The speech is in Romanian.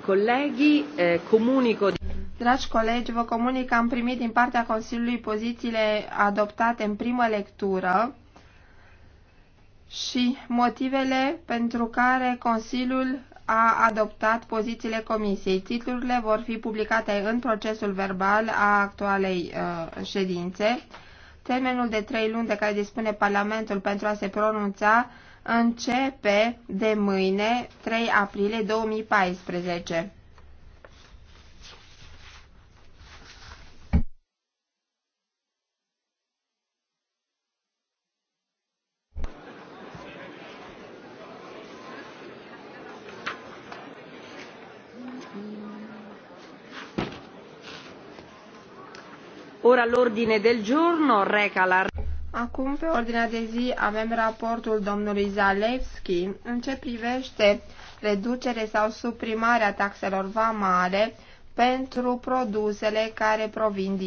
Colegii, eh, comunico... Dragi colegi, vă comunic că am primit din partea Consiliului pozițiile adoptate în primă lectură și motivele pentru care Consiliul a adoptat pozițiile comisiei. Titlurile vor fi publicate în procesul verbal a actualei uh, ședințe. Termenul de trei luni de care dispune Parlamentul pentru a se pronunța începe de mâine, 3 aprilie 2014. Ora l'ordine del giorno reca la... Acum, pe ordinea de zi, avem raportul domnului Zalewski în ce privește reducere sau suprimarea taxelor vamale pentru produsele care provin din